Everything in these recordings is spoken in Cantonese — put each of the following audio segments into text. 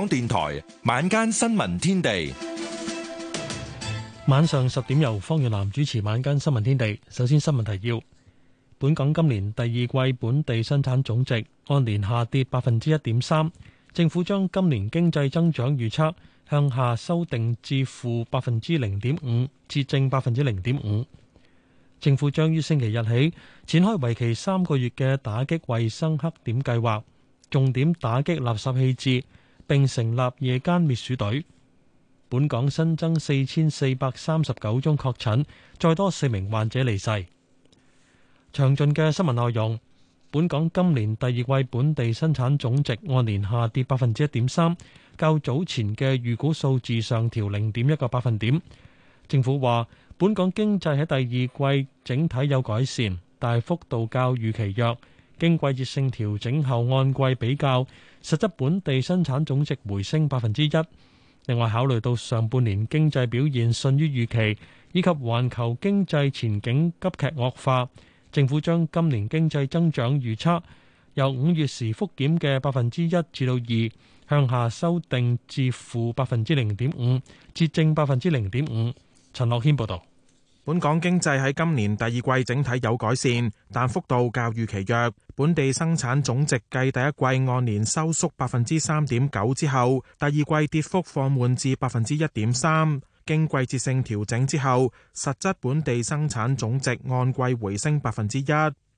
港電台晚間新聞天地，晚上十點由方月南主持。晚間新聞天地，首先新聞提要：本港今年第二季本地生產總值按年下跌百分之一點三。政府將今年經濟增長預測向下修訂至負百分之零點五，至正百分之零點五。政府將於星期日起展開為期三個月嘅打擊衛生黑點計劃，重點打擊垃圾棄置。並成立夜間滅鼠隊。本港新增四千四百三十九宗確診，再多四名患者離世。詳盡嘅新聞內容。本港今年第二季本地生產總值按年下跌百分之一點三，較早前嘅預估數字上調零點一個百分點。政府話，本港經濟喺第二季整體有改善，大幅度較預期弱。經季節性調整後，按季比較，實質本地生產總值回升百分之一。另外，考慮到上半年經濟表現遜於預期，以及環球經濟前景急劇惡化，政府將今年經濟增長預測由五月時復檢嘅百分之一至到二，向下修訂至負百分之零點五，至正百分之零點五。陳樂謙報道。本港經濟喺今年第二季整體有改善，但幅度較預期弱。本地生產總值繼第一季按年收縮百分之三點九之後，第二季跌幅放緩至百分之一點三。經季節性調整之後，實質本地生產總值按季回升百分之一。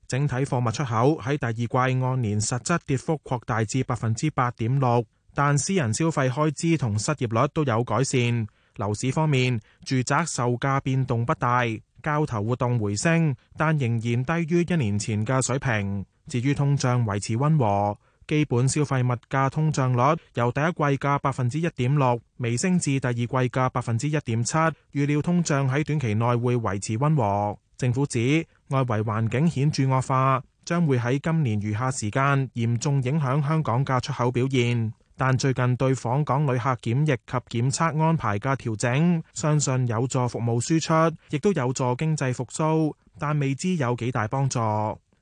整體貨物出口喺第二季按年實質跌幅擴大至百分之八點六，但私人消費開支同失業率都有改善。樓市方面，住宅售價變動不大，交投活動回升，但仍然低於一年前嘅水平。至於通脹維持溫和，基本消費物價通脹率由第一季嘅百分之一點六微升至第二季嘅百分之一點七，預料通脹喺短期內會維持溫和。政府指，外圍環境顯著惡化，將會喺今年餘下時間嚴重影響香港嘅出口表現。但最近對訪港旅客檢疫及檢測安排嘅調整，相信有助服務輸出，亦都有助經濟復甦，但未知有幾大幫助。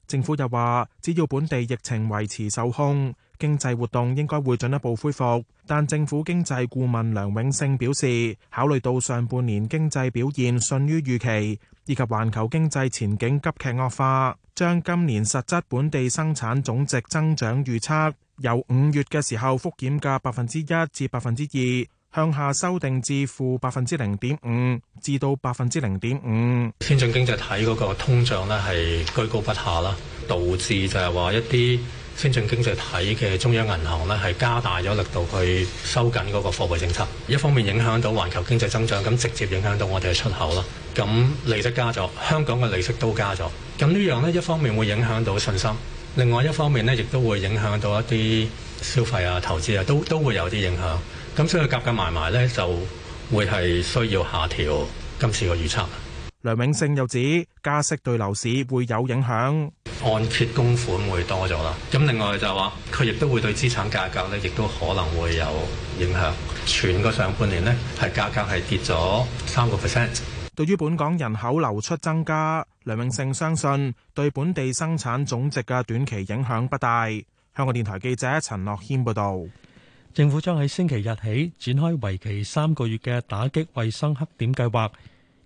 政府又話，只要本地疫情維持受控，經濟活動應該會進一步恢復，但政府經濟顧問梁永勝表示，考慮到上半年經濟表現遜於預期，以及環球經濟前景急劇惡化，將今年實質本地生產總值增長預測由五月嘅時候復檢嘅百分之一至百分之二，向下修訂至負百分之零點五至到百分之零點五。先進經濟體嗰個通脹呢，係居高不下啦，導致就係話一啲。先進經濟體嘅中央銀行咧，係加大咗力度去收緊嗰個貨幣政策，一方面影響到環球經濟增長，咁直接影響到我哋嘅出口啦。咁利息加咗，香港嘅利息都加咗。咁呢樣呢，一方面會影響到信心，另外一方面呢，亦都會影響到一啲消費啊、投資啊，都都會有啲影響。咁所以夾夾埋埋呢，就會係需要下調今次嘅預測。梁永勝又指，加息對樓市會有影響，按揭供款會多咗啦。咁另外就係話，佢亦都會對資產價格咧，亦都可能會有影響，全個上半年咧，係價格係跌咗三個 percent。對於本港人口流出增加，梁永勝相信對本地生產總值嘅短期影響不大。香港電台記者陳樂謙報道，政府將喺星期日起展開為期三個月嘅打擊衛生黑點計劃。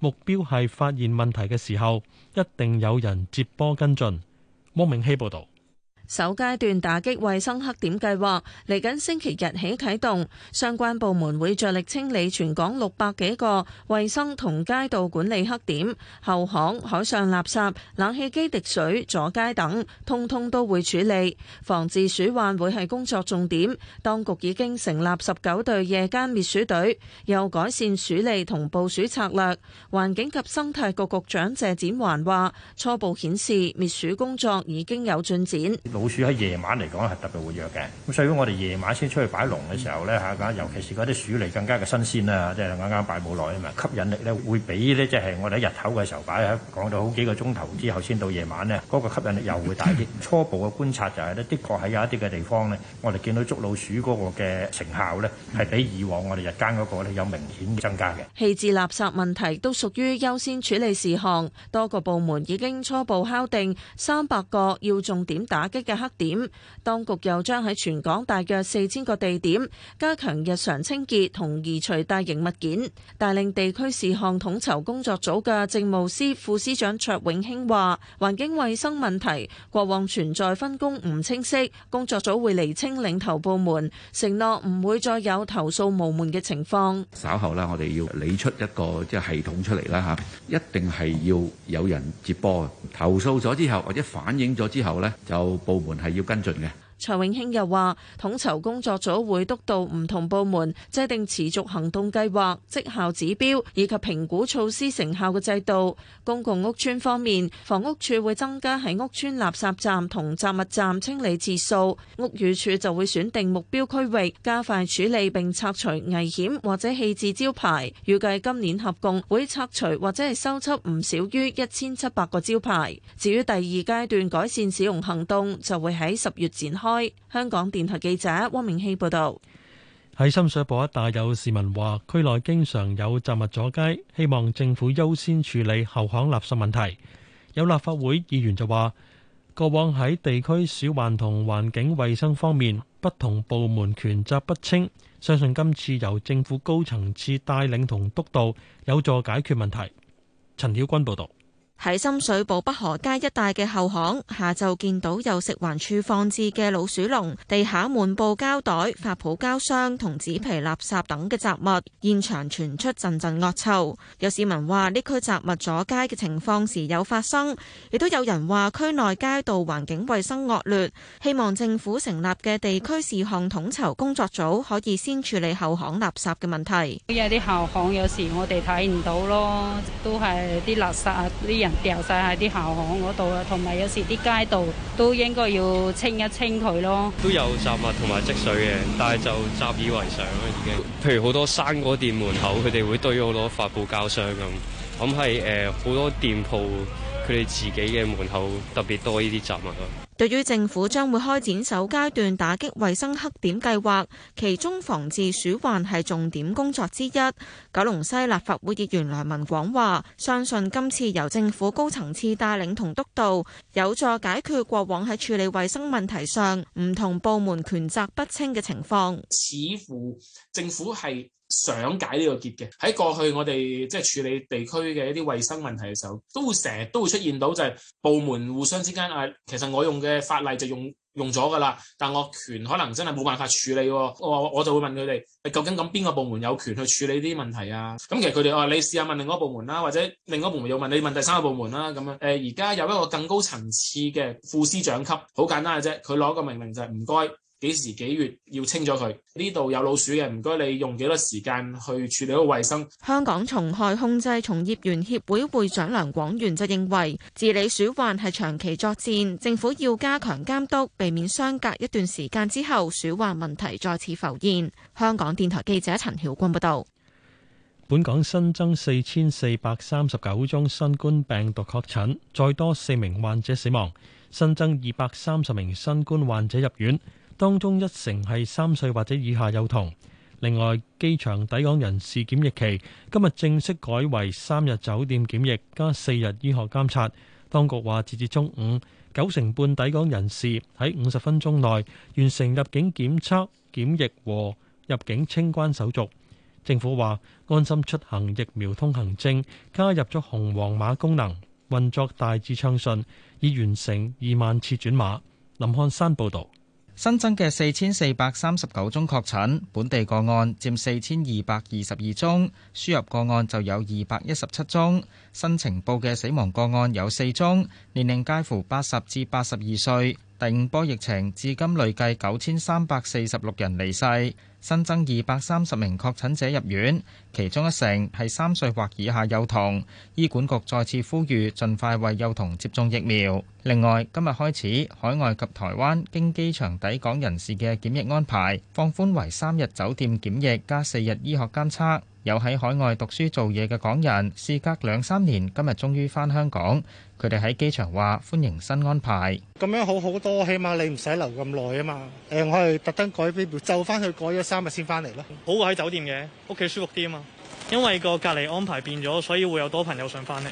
目標係發現問題嘅時候，一定有人接波跟進，汪明希報道。首階段打擊衛生黑點計劃嚟緊星期日起啟動，相關部門會着力清理全港六百幾個衛生同街道管理黑點、後巷、海上垃圾、冷氣機滴水、阻街等，通通都會處理。防治鼠患會係工作重點，當局已經成立十九隊夜間滅鼠隊，又改善處理同部署策略。環境及生態局局長謝展環話：初步顯示滅鼠工作已經有進展。老鼠喺夜晚嚟講係特別活躍嘅，咁所以我哋夜晚先出去擺籠嘅時候咧嚇，尤其是嗰啲鼠嚟更加嘅新鮮啊，即係啱啱擺冇耐啊嘛，吸引力咧會比咧即係我哋喺日頭嘅時候擺，講到好幾個鐘頭之後先到夜晚呢，嗰個吸引力又會大啲。初步嘅觀察就係呢，的確喺有一啲嘅地方呢，我哋見到捉老鼠嗰個嘅成效咧，係比以往我哋日間嗰個咧有明顯嘅增加嘅。棄置垃圾問題都屬於優先處理事項，多個部門已經初步敲定三百個要重點打擊。嘅黑點，當局又將喺全港大約四千個地點加強日常清潔同移除大型物件。帶領地區事項統籌工作組嘅政務司副司長卓永興話，環境衛生問題過往存在分工唔清晰，工作組會釐清領頭部門，承諾唔會再有投訴無門嘅情況。稍後啦，我哋要理出一個即係系統出嚟啦吓，一定係要有人接波，投訴咗之後或者反映咗之後咧，就報。部門係要跟進嘅。蔡永興又話，統籌工作組會督導唔同部門，制定持續行動計劃、績效指標以及評估措施成效嘅制度。公共屋邨方面，房屋處會增加喺屋邨垃圾站同雜物站清理次數；屋宇署就會選定目標區域，加快處理並拆除危險或者棄置招牌。預計今年合共會拆除或者係收葺唔少於一千七百個招牌。至於第二階段改善使用行動，就會喺十月展開。香港電台記者汪明熙報道，喺深水埗一帶有市民話，區內經常有雜物阻街，希望政府優先處理後巷垃圾問題。有立法會議員就話，過往喺地區小環同環境衛生方面，不同部門權責不清，相信今次由政府高層次帶領同督導，有助解決問題。陳曉君報道。喺深水埗北河街一帶嘅後巷，下晝見到有食環署放置嘅老鼠籠，地下滿布膠袋、發泡膠箱同紙皮垃圾等嘅雜物，現場傳出陣陣惡臭。有市民話呢區雜物阻街嘅情況時有發生，亦都有人話區內街道環境衛生惡劣，希望政府成立嘅地區事項統籌工作組可以先處理後巷垃圾嘅問題。有啲後巷有時我哋睇唔到咯，都係啲垃圾啲人掉晒喺啲校巷嗰度啊，同埋有，有時啲街道都應該要清一清佢咯。都有雜物同埋積水嘅，但係就習以為常啦，已經。譬如好多生果店門口，佢哋 會堆咗好多發泡膠箱咁，咁係誒好多店鋪，佢哋自己嘅門口特別多呢啲雜物咯。對於政府將會開展首階段打擊衛生黑點計劃，其中防治鼠患係重點工作之一。九龍西立法會議員梁文廣話：相信今次由政府高層次帶領同督導，有助解決過往喺處理衛生問題上唔同部門權責不清嘅情況。似乎政府係。想解呢個結嘅喺過去我哋即係處理地區嘅一啲衛生問題嘅時候，都會成日都會出現到就係部門互相之間啊，其實我用嘅法例就用用咗噶啦，但我權可能真係冇辦法處理，哦。我我就會問佢哋，啊，究竟咁邊個部門有權去處理啲問題啊？咁其實佢哋話你試下問另外個部門啦，或者另外個部門又問你問第三個部門啦咁樣。誒、呃，而家有一個更高層次嘅副司長級，好簡單嘅啫，佢攞個命令就係唔該。謝謝幾時幾月要清咗佢？呢度有老鼠嘅，唔該你用幾多時間去處理好衛生。香港蟲害控制從業員協會會長梁廣源就認為，治理鼠患係長期作戰，政府要加強監督，避免相隔一段時間之後鼠患問題再次浮現。香港電台記者陳曉君報道，本港新增四千四百三十九宗新冠病毒確診，再多四名患者死亡，新增二百三十名新冠患者入院。當中一成係三歲或者以下幼童。另外，機場抵港人士檢疫期今日正式改為三日酒店檢疫加四日醫學監察。當局話，截至中午，九成半抵港人士喺五十分鐘內完成入境檢測、檢疫和入境清關手續。政府話安心出行疫苗通行證加入咗紅黃碼功能，運作大致暢順，已完成二萬次轉碼。林漢山報導。新增嘅四千四百三十九宗確診，本地個案佔四千二百二十二宗，輸入個案就有二百一十七宗。新呈報嘅死亡個案有四宗，年齡介乎八十至八十二歲。第五波疫情至今累計九千三百四十六人離世，新增二百三十名確診者入院，其中一成係三歲或以下幼童。醫管局再次呼籲盡快為幼童接種疫苗。另外，今日開始，海外及台灣經機場抵港人士嘅檢疫安排放寬為三日酒店檢疫加四日醫學監測。有喺海外讀書做嘢嘅港人，事隔兩三年，今日終於返香港。佢哋喺機場話歡迎新安排，咁樣好好多，起碼你唔使留咁耐啊嘛。誒，我係特登改飛票，就返去改咗三日先返嚟咯。好過，喺酒店嘅，屋企舒服啲啊嘛。因為個隔離安排變咗，所以會有多朋友想返嚟。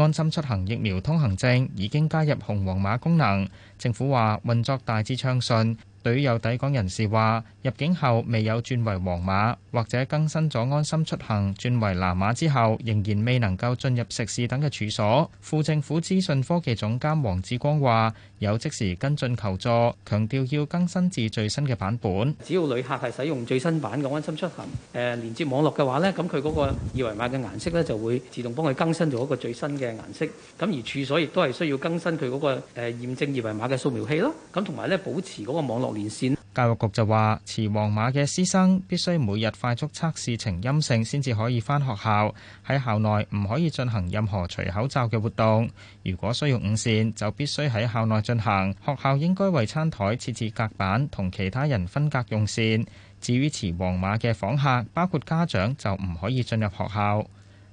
安心出行疫苗通行證已經加入紅黃碼功能，政府話運作大致暢順。有抵港人士話：入境後未有轉為黃碼，或者更新咗安心出行轉為藍碼之後，仍然未能夠進入食肆等嘅處所。副政府資訊科技總監黃志光話。有即時跟進求助，強調要更新至最新嘅版本。只要旅客係使用最新版嘅安心出行，誒、呃、連接網絡嘅話呢，咁佢嗰個二維碼嘅顏色呢，就會自動幫佢更新到一個最新嘅顏色。咁而處所亦都係需要更新佢嗰個誒驗證二維碼嘅掃描器咯。咁同埋呢，保持嗰個網絡連線。教育局就話，持黃碼嘅師生必須每日快速測試呈陰性先至可以返學校。喺校內唔可以進行任何除口罩嘅活動。如果需要午膳，就必須喺校內。進行學校應該為餐台設置隔板，同其他人分隔用膳。至於持黃碼嘅訪客，包括家長就唔可以進入學校。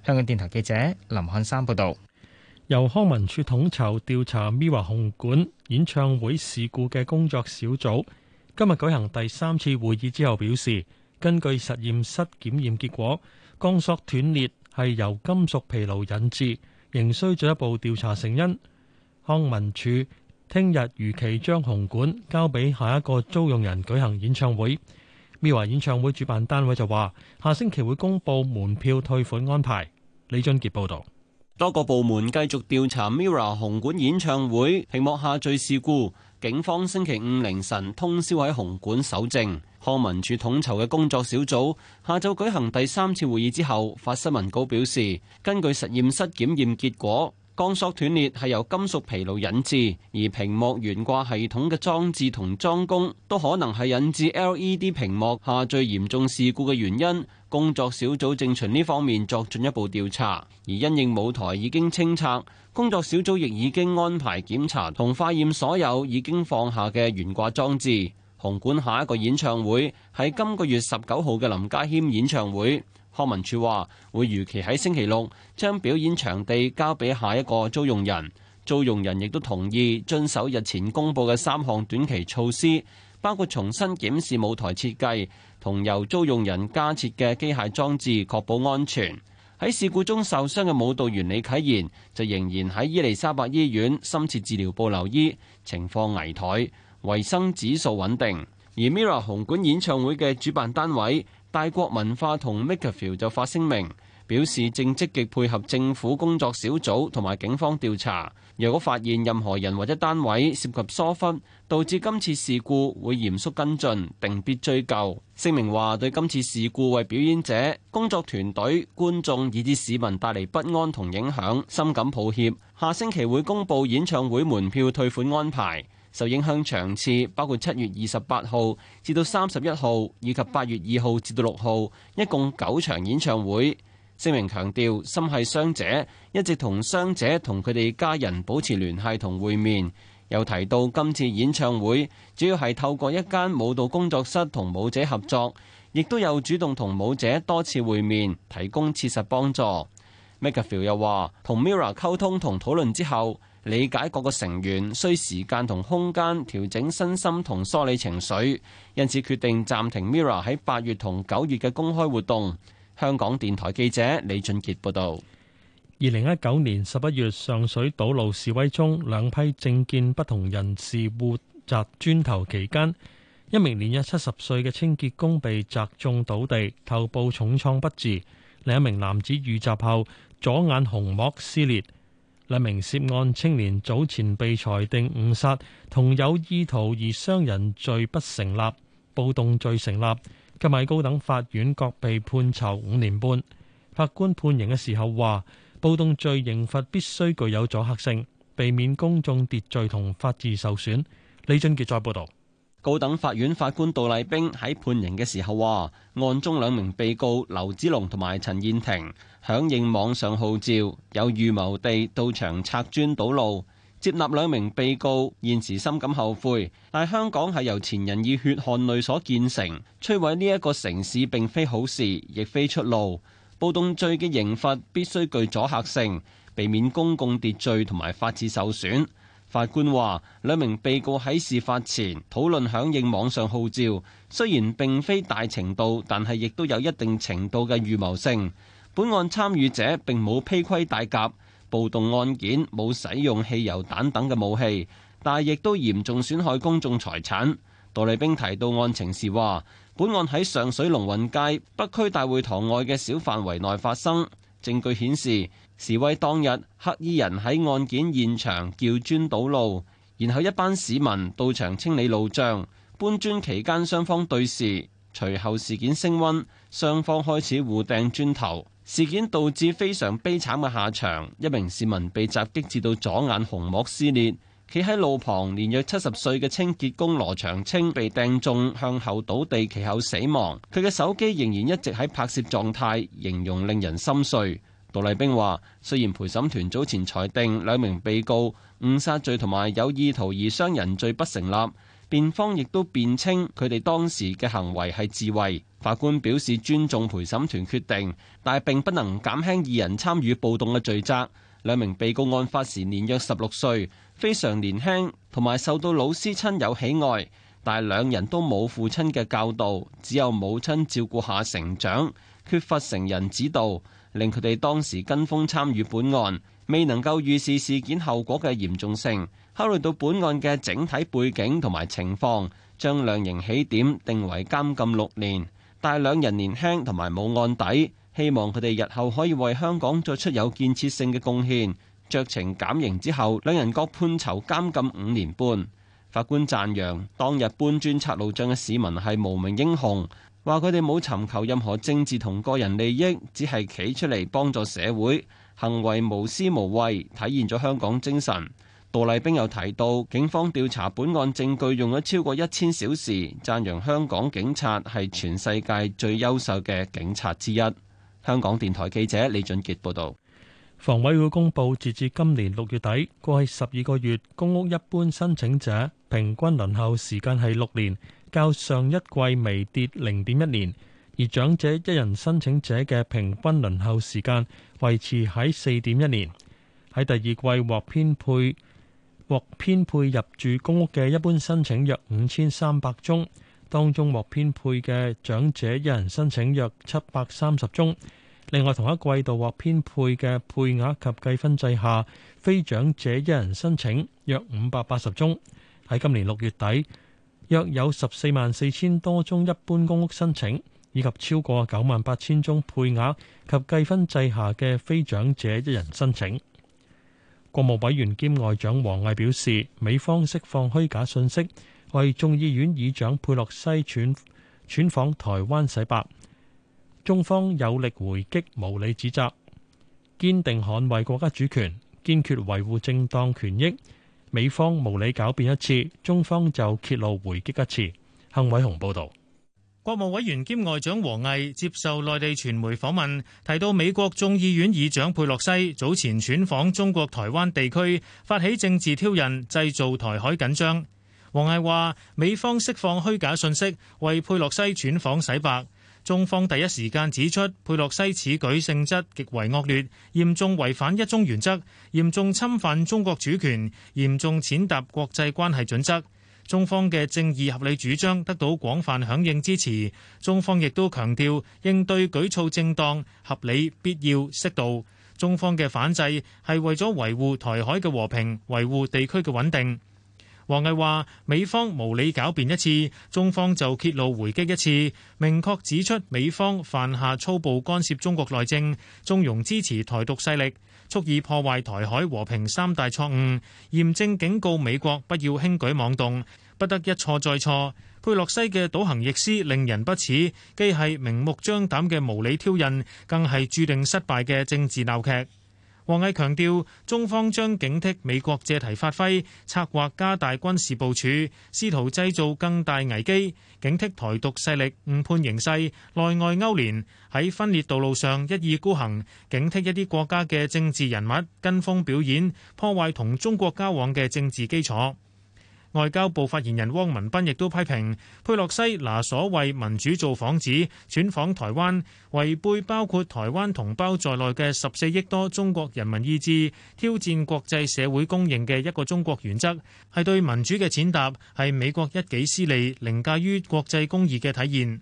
香港電台記者林漢山報道。由康文署統籌調查 MIRROR 紅館演唱會事故嘅工作小組，今日舉行第三次會議之後，表示根據實驗室檢驗結果，鋼索斷裂係由金屬疲勞引致，仍需進一步調查成因。康文署，聽日如期將紅館交俾下一個租用人舉行演唱會。Mira 演唱會主辦單位就話，下星期會公布門票退款安排。李俊杰報道。多個部門繼續調查 Mira 紅館演唱會屏幕下墜事故。警方星期五凌晨通宵喺紅館搜證。康文署統籌嘅工作小組下晝舉行第三次會議之後，發新聞稿表示，根據實驗室檢驗結果。鋼索斷裂係由金屬疲勞引致，而屏幕懸掛系統嘅裝置同裝工都可能係引致 LED 屏幕下墜嚴重事故嘅原因。工作小組正循呢方面作進一步調查，而因應舞台已經清拆，工作小組亦已經安排檢查同化驗所有已經放下嘅懸掛裝置。紅館下一個演唱會喺今個月十九號嘅林家謙演唱會。康文署話會如期喺星期六將表演場地交俾下一個租用人，租用人亦都同意遵守日前公布嘅三項短期措施，包括重新檢視舞台設計同由租用人加設嘅機械裝置，確保安全。喺事故中受傷嘅舞蹈員李啟賢就仍然喺伊利沙伯醫院深切治療部留醫，情況危殆，衞生指數穩定。而 MIRROR 紅館演唱會嘅主辦單位，大國文化同 MakerVille 就發聲明，表示正積極配合政府工作小組同埋警方調查。若果發現任何人或者單位涉及疏忽，導致今次事故，會嚴肅跟進，定必追究。聲明話：對今次事故為表演者、工作團隊、觀眾以至市民帶嚟不安同影響，深感抱歉。下星期會公布演唱會門票退款安排。受影響場次包括七月二十八號至到三十一號，以及八月二號至到六號，一共九場演唱會。聲明強調，心繫傷者一直同傷者同佢哋家人保持聯繫同會面，又提到今次演唱會主要係透過一間舞蹈工作室同舞者合作，亦都有主動同舞者多次會面，提供切實幫助。MakerVille 又話，同 Mira 溝通同討論之後，理解各個成員需時間同空間調整身心同梳理情緒，因此決定暫停 MIRROR 喺八月同九月嘅公開活動。香港電台記者李俊傑報道。二零一九年十一月上水堵路示威中，兩批政見不同人士互砸磚頭期間，一名年約七十歲嘅清潔工被砸中倒地，頭部重創不治；另一名男子遇襲後左眼虹膜撕裂。兩名涉案青年早前被裁定誤殺同有意圖而傷人罪不成立，暴動罪成立，今日高等法院各被判囚五年半。法官判刑嘅時候話，暴動罪刑罰必須具有阻嚇性，避免公眾秩序同法治受損。李俊傑再報道，高等法院法官杜麗冰喺判刑嘅時候話，案中兩名被告劉子龍同埋陳燕婷。響應網上號召，有預謀地到場拆磚堵路，接納兩名被告現時深感後悔。但香港係由前人以血汗淚所建成，摧毀呢一個城市，並非好事，亦非出路。暴動罪嘅刑罰必須具阻嚇性，避免公共秩序同埋法治受損。法官話：兩名被告喺事發前討論響應網上號召，雖然並非大程度，但係亦都有一定程度嘅預謀性。本案參與者並冇披盔戴甲，暴動案件冇使用汽油彈等嘅武器，但亦都嚴重損害公眾財產。杜麗冰提到案情時話：本案喺上水龍運街北區大會堂外嘅小範圍內發生。證據顯示，示威當日黑衣人喺案件現場叫磚堵路，然後一班市民到場清理路障。搬磚期間，雙方對視，隨後事件升溫，雙方開始互掟磚頭。事件導致非常悲慘嘅下場，一名市民被襲擊至到左眼虹膜撕裂，企喺路旁年約七十歲嘅清潔工羅長青被掟中向後倒地，其後死亡。佢嘅手機仍然一直喺拍攝狀態，形容令人心碎。杜麗冰話：雖然陪審團早前裁定兩名被告誤殺罪同埋有意圖而傷人罪不成立。辯方亦都辯稱，佢哋當時嘅行為係自衛。法官表示尊重陪審團決定，但係並不能減輕二人參與暴動嘅罪責。兩名被告案發時年約十六歲，非常年輕，同埋受到老師親友喜愛，但係兩人都冇父親嘅教導，只有母親照顧下成長，缺乏成人指導，令佢哋當時跟風參與本案，未能夠預示事件後果嘅嚴重性。考慮到本案嘅整體背景同埋情況，將量刑起點定為監禁六年，但係兩人年輕同埋冇案底，希望佢哋日後可以為香港作出有建設性嘅貢獻。酌情減刑之後，兩人各判囚監禁五年半。法官讚揚當日搬磚拆路障嘅市民係無名英雄，話佢哋冇尋求任何政治同個人利益，只係企出嚟幫助社會，行為無私無畏，體現咗香港精神。杜麗冰又提到，警方調查本案證據用咗超過一千小時，讚揚香港警察係全世界最優秀嘅警察之一。香港電台記者李俊杰報道，房委會公布，截至今年六月底過去十二個月，公屋一般申請者平均輪候時間係六年，較上一季微跌零點一年；而長者一人申請者嘅平均輪候時間維持喺四點一年，喺第二季獲編配。獲編配入住公屋嘅一般申請約五千三百宗，當中獲編配嘅長者一人申請約七百三十宗。另外，同一季度獲編配嘅配額及計分制下，非長者一人申請約五百八十宗。喺今年六月底，約有十四萬四千多宗一般公屋申請，以及超過九萬八千宗配額及計分制下嘅非長者一人申請。國務委員兼外長王毅表示，美方釋放虛假信息，為眾議院議長佩洛西竄竄訪台灣洗白，中方有力回擊無理指責，堅定捍衛國家主權，堅決維護正當權益。美方無理狡辯一次，中方就揭露回擊一次。幸偉雄報道。國務委員兼外長王毅接受內地傳媒訪問，提到美國眾議院議長佩洛西早前竄訪中國台灣地區，發起政治挑釁，製造台海緊張。王毅話，美方釋放虛假信息，為佩洛西竄訪洗白，中方第一時間指出佩洛西此舉性質極為惡劣，嚴重違反一中原則，嚴重侵犯中國主權，嚴重踐踏國際關係準則。中方嘅正義合理主張得到廣泛響應支持，中方亦都強調應對舉措正當、合理、必要、適度。中方嘅反制係為咗維護台海嘅和平，維護地區嘅穩定。王毅話：美方無理狡辯一次，中方就揭露回擊一次，明確指出美方犯下粗暴干涉中國內政、縱容支持台獨勢力。蓄意破壞台海和平三大錯誤，嚴正警告美國不要輕舉妄動，不得一錯再錯。佩洛西嘅倒行逆施令人不齒，既係明目張膽嘅無理挑釁，更係注定失敗嘅政治鬧劇。王毅強調，中方將警惕美國借題發揮，策劃加大軍事部署，試圖製造更大危機；警惕台獨勢力誤判形勢，內外勾連喺分裂道路上一意孤行；警惕一啲國家嘅政治人物跟風表演，破壞同中國交往嘅政治基礎。外交部發言人汪文斌亦都批評，佩洛西拿所謂民主做幌子，竄訪台灣，違背包括台灣同胞在內嘅十四億多中國人民意志，挑戰國際社會公認嘅一個中國原則，係對民主嘅踐踏，係美國一己私利凌駕於國際公義嘅體現。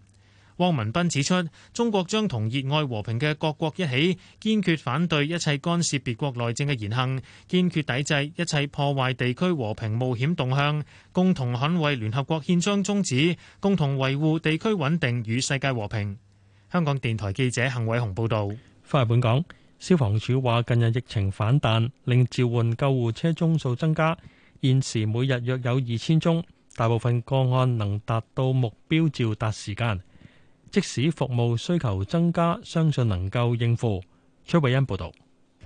汪文斌指出，中國將同熱愛和平嘅各國一起，堅決反對一切干涉別國內政嘅言行，堅決抵制一切破壞地區和平冒險動向，共同捍衛聯合國憲章宗旨，共同維護地區穩定與世界和平。香港電台記者幸偉雄報道：「翻嚟本港，消防署話，近日疫情反彈，令召喚救護車宗數增加，現時每日約有二千宗，大部分個案能達到目標召達時間。即使服務需求增加，相信能夠應付。崔偉恩報導。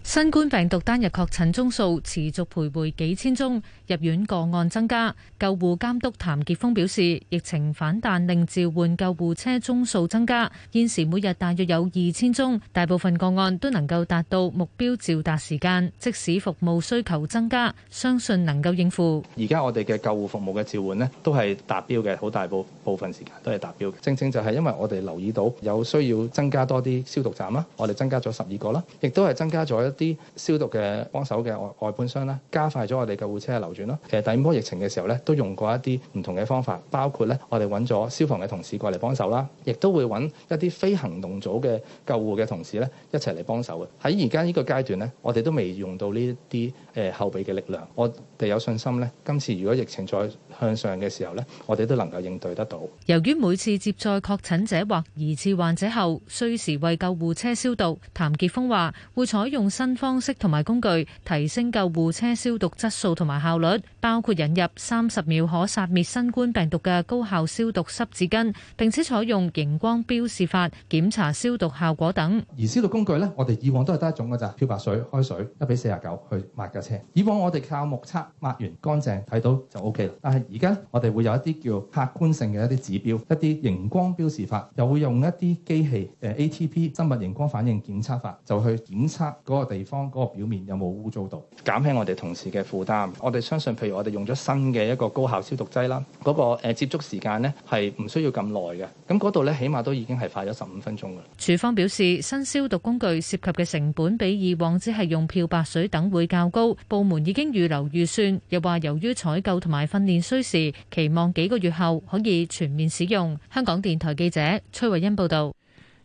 新冠病毒單日確診宗數持續徘徊幾千宗，入院個案增加。救護監督譚傑峰表示，疫情反彈令召喚救護車宗數增加，現時每日大約有二千宗，大部分個案都能夠達到目標召達時間。即使服務需求增加，相信能夠應付。而家我哋嘅救護服務嘅召喚呢都係達標嘅，好大部部分時間都係達標嘅。正正就係因為我哋留意到有需要增加多啲消毒站啦，我哋增加咗十二個啦，亦都係增加咗。啲消毒嘅幫手嘅外外判商啦，加快咗我哋救護車嘅流轉咯。其實，呃，第二波疫情嘅時候咧，都用過一啲唔同嘅方法，包括咧我哋揾咗消防嘅同事過嚟幫手啦，啊，亦都會揾一啲非行動組嘅救護嘅同事咧一齊嚟幫手嘅。喺而家呢個階段咧，我哋都未用到呢啲誒後備嘅力量，我哋有信心咧，今次如果疫情再向上嘅時候呢，我哋都能夠應對得到。由於每次接載確診者或疑似患者後，需時為救護車消毒，譚傑峰話會採用新方式同埋工具，提升救護車消毒質素同埋效率，包括引入三十秒可殺滅新冠病毒嘅高效消毒濕紙巾，並且採用螢光標示法檢查消毒效果等。而消毒工具呢，我哋以往都係得一種㗎咋，漂白水，開水一比四十九去抹架車。以往我哋靠目測抹完乾淨，睇到就 O K 啦。但係而家我哋會有一啲叫客觀性嘅一啲指標，一啲熒光標示法，又會用一啲機器，誒 ATP 生物熒光反應檢測法，就去檢測嗰個地方嗰個表面有冇污糟度，減輕我哋同事嘅負擔。我哋相信，譬如我哋用咗新嘅一個高效消毒劑啦，嗰個誒接觸時間呢係唔需要咁耐嘅。咁嗰度咧起碼都已經係快咗十五分鐘啦。廚方表示，新消毒工具涉及嘅成本比以往只係用漂白水等會較高，部門已經預留預算。又話由於採購同埋訓練需需時，期望幾個月後可以全面使用。香港電台記者崔慧欣報道：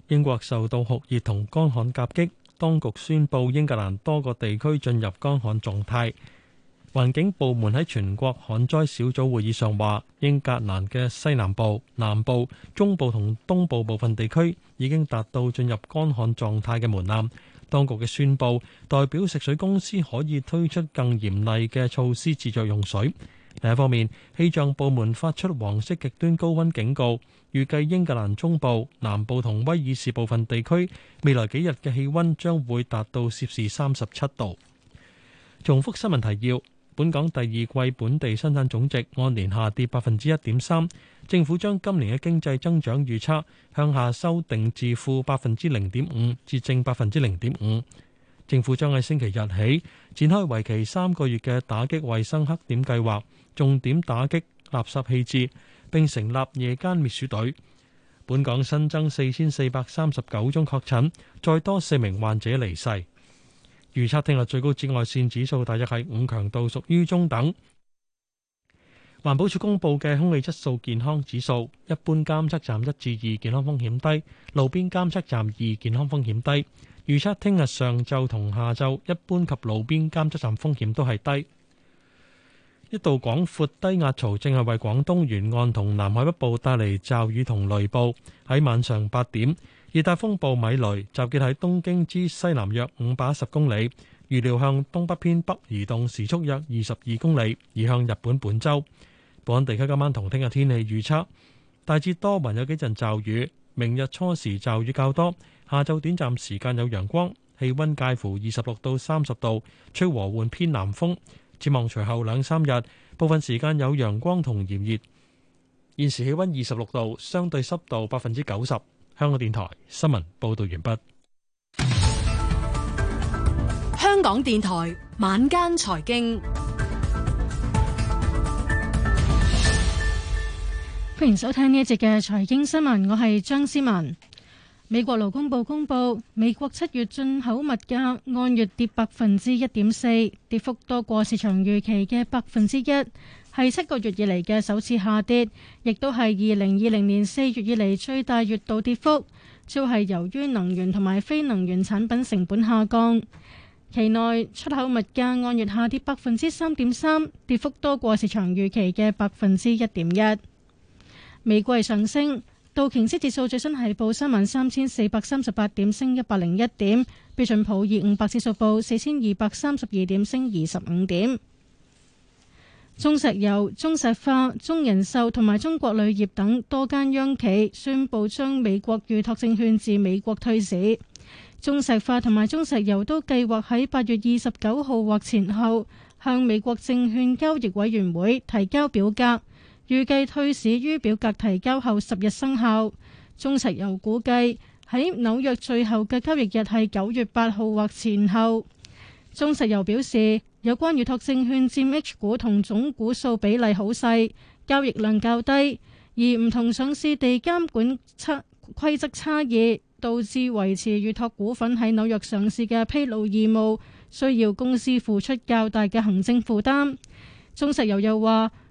英國受到酷熱同乾旱夾擊，當局宣布英格蘭多個地區進入乾旱狀態。環境部門喺全國旱災小組會議上話，英格蘭嘅西南部、南部、中部同東部部分地區已經達到進入乾旱狀態嘅門檻。當局嘅宣布代表食水公司可以推出更嚴厲嘅措施，節約用水。另一方面，氣象部門發出黃色極端高溫警告，預計英格蘭中部、南部同威爾士部分地區未來幾日嘅氣溫將會達到攝氏三十七度。重複新聞提要：本港第二季本地生產總值按年下跌百分之一點三，政府將今年嘅經濟增長預測向下修訂至負百分之零點五至正百分之零點五。政府將喺星期日起展開為期三個月嘅打擊衛生黑點計劃，重點打擊垃圾棄置，並成立夜間滅鼠隊。本港新增四千四百三十九宗確診，再多四名患者離世。預測聽日最高紫外線指數大約係五強度，屬於中等。環保署公布嘅空氣質素健康指數，一般監測站一至二，健康風險低；路邊監測站二，健康風險低。預測聽日上晝同下晝，一般及路邊監測站風險都係低。一度廣闊低壓槽正係為廣東沿岸同南海北部帶嚟驟雨同雷暴。喺晚上八點，熱帶風暴米雷集結喺東京之西南約五百一十公里，預料向東北偏北移動，時速約二十二公里，移向日本本州。本地區今晚同聽日天氣預測，大致多雲有幾陣驟雨，明日初時驟雨較多。下晝短暫時間有陽光，氣溫介乎二十六到三十度，吹和緩偏南風。展望隨後兩三日，部分時間有陽光同炎熱。現時氣溫二十六度，相對濕度百分之九十。香港電台新聞報道完畢。香港電台晚間財經。歡迎收聽呢一節嘅財經新聞，我係張思文。美國勞工部公布，美國七月進口物價按月跌百分之一點四，跌幅多過市場預期嘅百分之一，係七個月以嚟嘅首次下跌，亦都係二零二零年四月以嚟最大月度跌幅，主要係由於能源同埋非能源產品成本下降。期內出口物價按月下跌百分之三點三，跌幅多過市場預期嘅百分之一點一，美國上升。道瓊斯指數最新係報三萬三千四百三十八點，升一百零一點。標準普爾五百指數報四千二百三十二點，升二十五點。中石油、中石化、中人壽同埋中國鋁業等多間央企宣布將美國預託證券自美國退市。中石化同埋中石油都計劃喺八月二十九號或前後向美國證券交易委員會提交表格。預計退市於表格提交後十日生效。中石油估計喺紐約最後嘅交易日係九月八號或前後。中石油表示，有關預託證券佔 H 股同總股數比例好細，交易量較低，而唔同上市地監管規則差異，導致維持預託股份喺紐約上市嘅披露義務需要公司付出較大嘅行政負擔。中石油又話。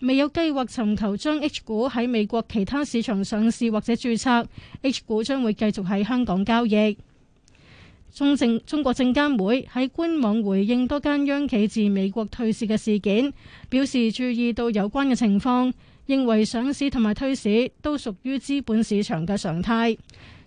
未有計劃尋求將 H 股喺美國其他市場上市或者註冊，H 股將會繼續喺香港交易。中證中國證監會喺官網回應多間央企自美國退市嘅事件，表示注意到有關嘅情況，認為上市同埋退市都屬於資本市場嘅常態。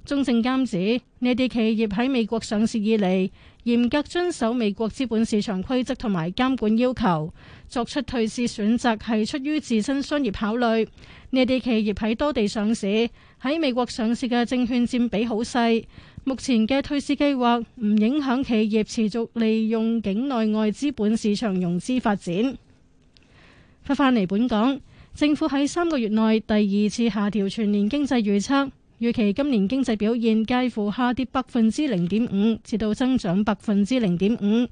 中證監指呢啲企業喺美國上市以嚟，嚴格遵守美國資本市場規則同埋監管要求，作出退市選擇係出於自身商業考慮。呢啲企業喺多地上市，喺美國上市嘅證券佔比好細。目前嘅退市計劃唔影響企業持續利用境內外資本市場融資發展。翻返嚟本港，政府喺三個月內第二次下調全年經濟預測。預期今年經濟表現介乎下跌百分之零點五至到增長百分之零點五。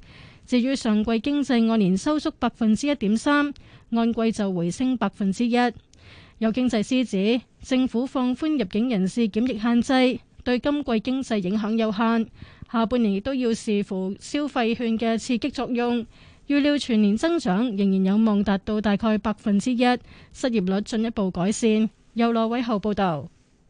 至於上季經濟按年收縮百分之一點三，按季就回升百分之一。有經濟師指，政府放寬入境人士檢疫限制，對今季經濟影響有限。下半年亦都要視乎消費券嘅刺激作用。預料全年增長仍然有望達到大概百分之一，失業率進一步改善。由羅偉浩報導。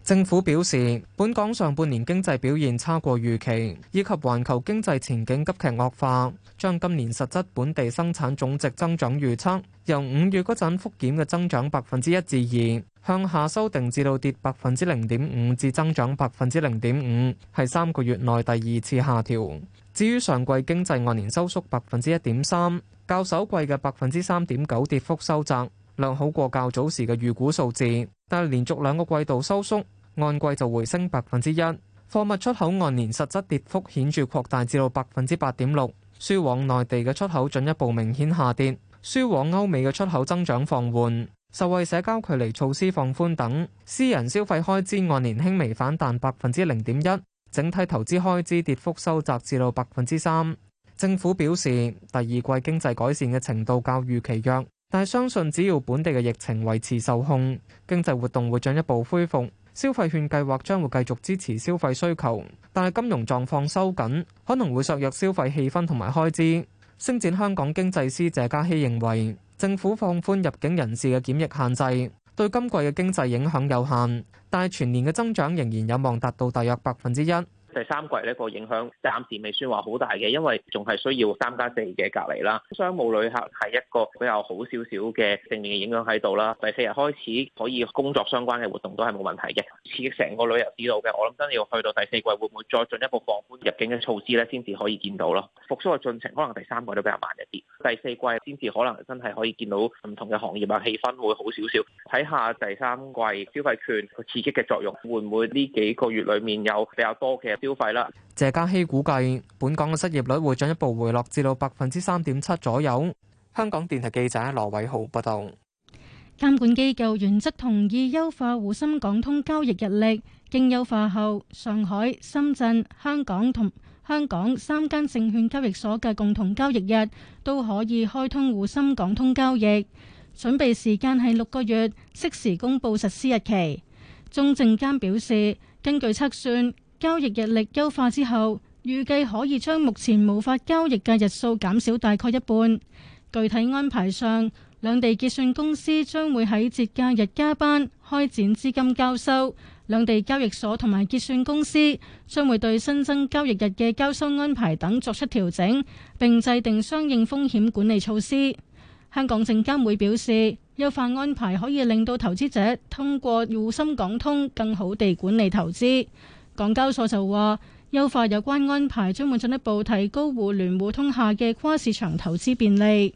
政府表示，本港上半年經濟表現差過預期，以及環球經濟前景急劇惡化，將今年實質本地生產總值增長預測由五月嗰陣復檢嘅增長百分之一至二向下修訂至到跌百分之零點五至增長百分之零點五，係三個月內第二次下調。至於上季經濟按年收縮百分之一點三，較首季嘅百分之三點九跌幅收窄，良好過較早時嘅預估數字，但係連續兩個季度收縮。按季就回升百分之一，貨物出口按年實質跌幅顯著擴大，至到百分之八點六。輸往內地嘅出口進一步明顯下跌，輸往歐美嘅出口增長放緩，受惠社交距離措施放寬等。私人消費開支按年輕微反彈百分之零點一，整體投資開支跌幅收窄至到百分之三。政府表示，第二季經濟改善嘅程度較預期弱，但係相信只要本地嘅疫情維持受控，經濟活動會進一步恢復。消費券計劃將會繼續支持消費需求，但係金融狀況收緊，可能會削弱消費氣氛同埋開支。星展香港經濟師謝家熙認為，政府放寬入境人士嘅檢疫限制，對今季嘅經濟影響有限，但係全年嘅增長仍然有望達到大約百分之一。第三季呢個影響暫時未算話好大嘅，因為仲係需要三加四嘅隔離啦。商務旅客係一個比較好少少嘅正面嘅影響喺度啦。第四日開始可以工作相關嘅活動都係冇問題嘅，刺激成個旅遊指導嘅。我諗真係要去到第四季會唔會再進一步放寬入境嘅措施咧，先至可以見到咯。復蘇嘅進程可能第三季都比較慢一啲，第四季先至可能真係可以見到唔同嘅行業啊氣氛會好少少。睇下第三季消費券個刺激嘅作用會唔會呢幾個月裏面有比較多嘅。消費啦。謝家熙估計，本港嘅失業率會進一步回落，至到百分之三點七左右。香港電台記者羅偉浩報道。監管機構原則同意優化滬深港通交易日曆。經優化後，上海、深圳、香港同香港三間證券交易所嘅共同交易日都可以開通滬深港通交易。準備時間係六個月，適時公布實施日期。中證監表示，根據測算。交易日曆優化之後，預計可以將目前無法交易嘅日數減少大概一半。具體安排上，兩地結算公司將會喺節假日加班開展資金交收，兩地交易所同埋結算公司將會對新增交易日嘅交收安排等作出調整，並制定相應風險管理措施。香港證監會表示，優化安排可以令到投資者通過滬深港通更好地管理投資。港交所就話，優化有關安排，將會進一步提高互聯互通下嘅跨市場投資便利。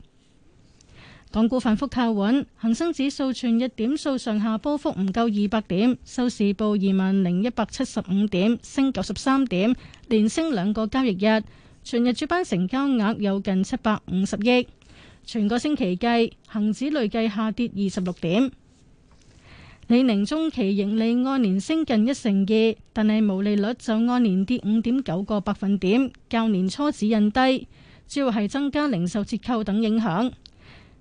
港股反覆靠穩，恒生指數全日點數上下波幅唔夠二百點，收市報二萬零一百七十五點，升九十三點，連升兩個交易日。全日主板成交額有近七百五十億。全個星期計，恒指累計下跌二十六點。李寧中期盈利按年升近一成二，但係毛利率就按年跌五點九個百分點，較年初指引低，主要係增加零售折扣等影響。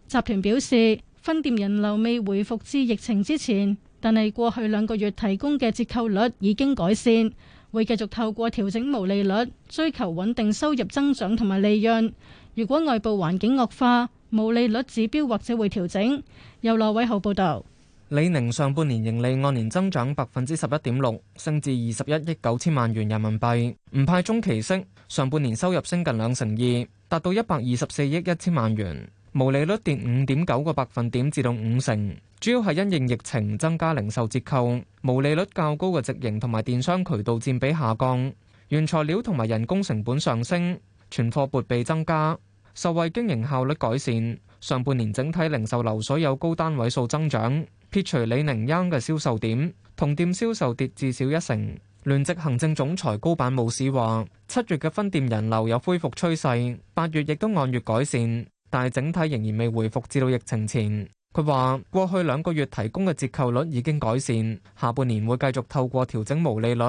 集團表示，分店人流未回復至疫情之前，但係過去兩個月提供嘅折扣率已經改善，會繼續透過調整毛利率追求穩定收入增長同埋利潤。如果外部環境惡化，毛利率指標或者會調整。由羅偉豪報道。李寧上半年盈利按年增長百分之十一點六，升至二十一億九千萬元人民幣，唔派中期息。上半年收入升近兩成二，達到一百二十四億一千萬元，毛利率跌五點九個百分點至到五成，主要係因應疫情增加零售折扣，毛利率較高嘅直營同埋電商渠道占比下降，原材料同埋人工成本上升，存貨撥備增加，受惠經營效率改善。上半年整體零售流水有高單位數增長。撇除李寧央嘅銷售點，同店銷售跌至少一成。聯席行政總裁高坂武史話，七月嘅分店人流有恢復趨勢，八月亦都按月改善，但係整體仍然未回復至到疫情前。佢話過去兩個月提供嘅折扣率已經改善，下半年會繼續透過調整毛利率。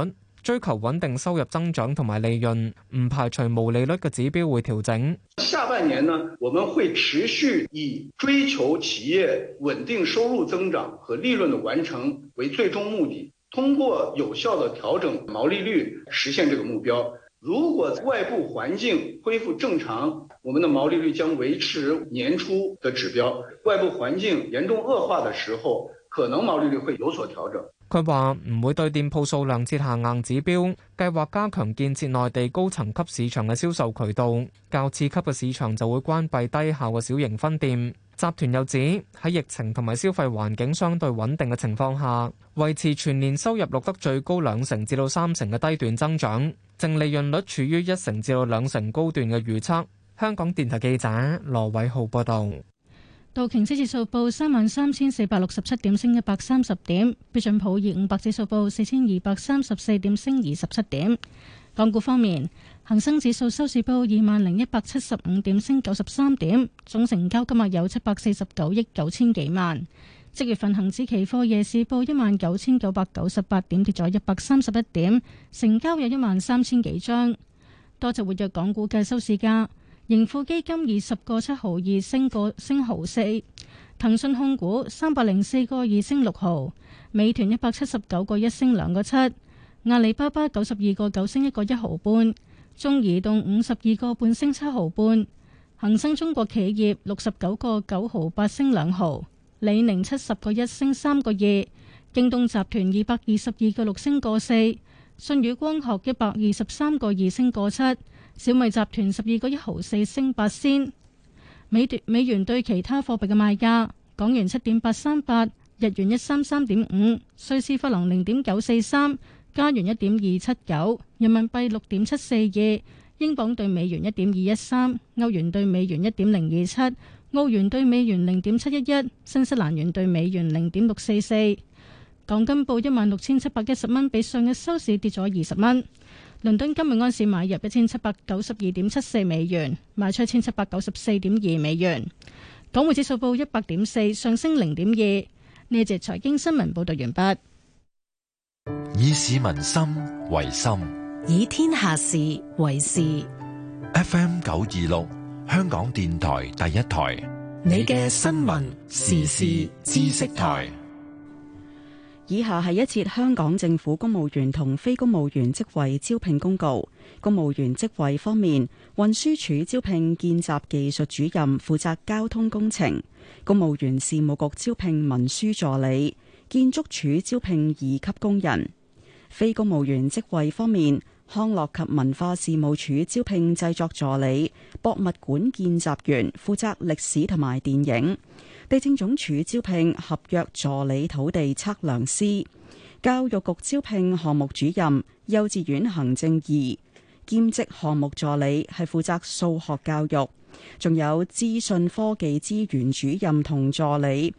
追求穩定收入增長同埋利潤，唔排除毛利率嘅指標會調整。下半年呢，我們會持續以追求企業穩定收入增長和利潤的完成為最終目的，通過有效的調整毛利率實現這個目標。如果外部環境恢復正常，我們的毛利率將維持年初的指標；外部環境嚴重惡化的時候，可能毛利率會有所調整。佢話唔會對店鋪數量設下硬指標，計劃加強建設內地高層級市場嘅銷售渠道，較次級嘅市場就會關閉低效嘅小型分店。集團又指喺疫情同埋消費環境相對穩定嘅情況下，維持全年收入錄得最高兩成至到三成嘅低段增長，淨利潤率處於一成至到兩成高段嘅預測。香港電台記者羅偉浩報道。道瓊斯指數報三萬三千四百六十七點，升一百三十點。標準普爾五百指數報四千二百三十四點，升二十七點。港股方面，恒生指數收市報二萬零一百七十五點，升九十三點。總成交今日有七百四十九億九千幾萬。即月份恒指期貨夜市報一萬九千九百九十八點，跌咗一百三十一點。成交有一萬三千幾張，多隻活躍港股嘅收市價。盈富基金二十個七毫二升個升毫四，騰訊控股三百零四個二升六毫，美團一百七十九個一升兩個七，阿里巴巴九十二個九升一個一毫半，中移動五十二個半升七毫半，恒生中國企業六十九個九毫八升兩毫，李寧七十個一升三個二，京東集團二百二十二個六升個四，信宇光學一百二十三個二升個七。小米集團十二個一毫四升八仙。美美元對其他貨幣嘅賣價：港元七點八三八，日元一三三點五，瑞士法郎零點九四三，加元一點二七九，人民幣六點七四二，英鎊兌美元一點二一三，歐元兌美元一點零二七，澳元兌美元零點七一一，新西蘭元兌美元零點六四四。港金報一萬六千七百一十蚊，比上日收市跌咗二十蚊。倫敦今日安市買入一千七百九十二點七四美元，賣出一千七百九十四點二美元。港匯指數報一百點四，上升零點二。呢節財經新聞報道完畢。以市民心為心，以天下事為事。FM 九二六，香港電台第一台，你嘅新聞時事知識台。以下係一節香港政府公務員同非公務員職位招聘公告。公務員職位方面，運輸署招聘見習技術主任，負責交通工程；公務員事務局招聘文書助理；建築署招聘二級工人。非公務員職位方面，康樂及文化事務署招聘製作助理；博物館見習員負責歷史同埋電影。地政總署招聘合約助理土地測量師，教育局招聘項目主任、幼稚園行政二兼職項目助理係負責數學教育，仲有資訊科技資源主任同助理，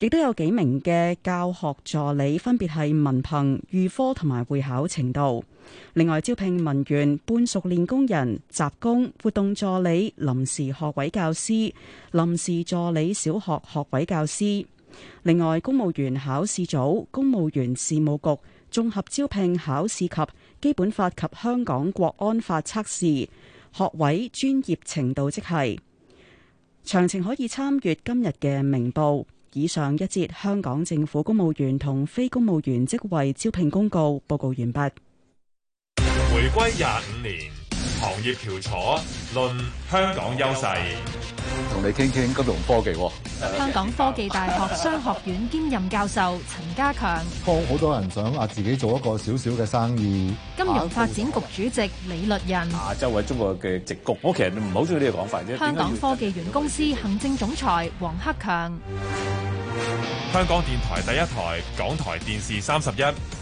亦都有幾名嘅教學助理分別，分別係文憑、預科同埋會考程度。另外，招聘文員、半熟練工人、雜工、活動助理、臨時學位教師、臨時助理小學學位教師。另外，公務員考試組、公務員事務局綜合招聘考試及基本法及香港國安法測試，學位專業程度即，即係詳情可以參閱今日嘅明報。以上一節香港政府公務員同非公務員職位招聘公告。報告完畢。回歸廿五年，行業翹楚論香港優勢，同你傾傾金融科技。啊、香港科技大學商學院兼任教授陳家強。好 多人想啊自己做一個小小嘅生意。金融發展局主席李律仁。啊，周圍中國嘅直局。我其實唔好中意呢個講法啫。香港科技園公司行政總裁黃克強。香港電台第一台，港台電視三十一。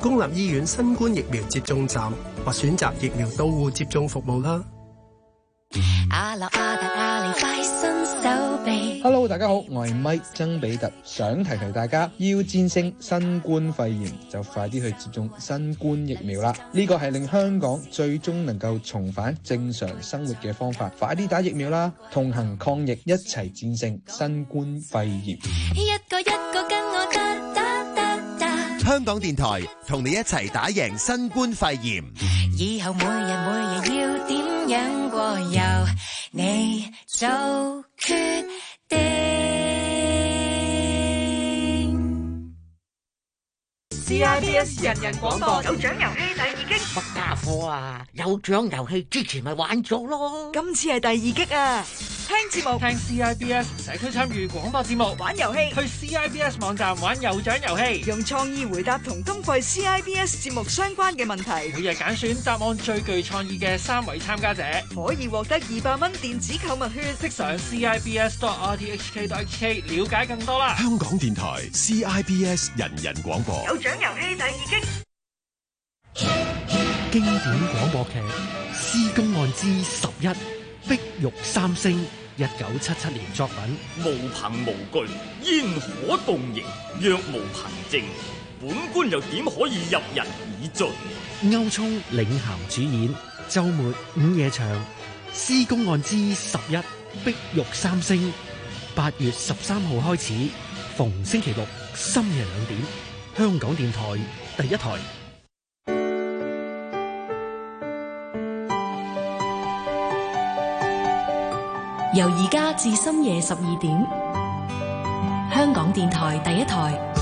公立醫院新冠疫苗接種站或選擇疫苗到戶接種服務啦。Hello，大家好，我係 Mike 曾比特，想提提大家，要戰勝新冠肺炎就快啲去接種新冠疫苗啦！呢個係令香港最終能夠重返正常生活嘅方法，快啲打疫苗啦！同行抗疫，一齊戰勝新冠肺炎。一個一個跟。 香港電台同你一齊打贏新冠肺炎。以後每日每日要點樣過，由你做決定。CIBS 人人廣播有獎遊戲第二擊。乜家伙啊？有獎遊戲之前咪玩咗咯。今次係第二擊啊！聽節目，聽 CIBS 社區參與廣播節目，玩遊戲，去 CIBS 網站玩有獎遊戲，用創意回答同今季 CIBS 節目相關嘅問題，每日揀選答案最具創意嘅三位參加者，可以獲得二百蚊電子購物券，即上 CIBS.RTHK.HK 了解更多啦！香港電台 CIBS 人人廣播，有獎遊戲第二輯經典廣播劇《施公案之十一》。碧玉三星，一九七七年作品。無憑無據，焉可動刑？若無憑證，本官又點可以入人以罪？歐聰、領銜主演，周末午夜場《施公案之十一》碧玉三星，八月十三號開始，逢星期六深夜兩點，香港電台第一台。由而家至深夜十二點，香港電台第一台。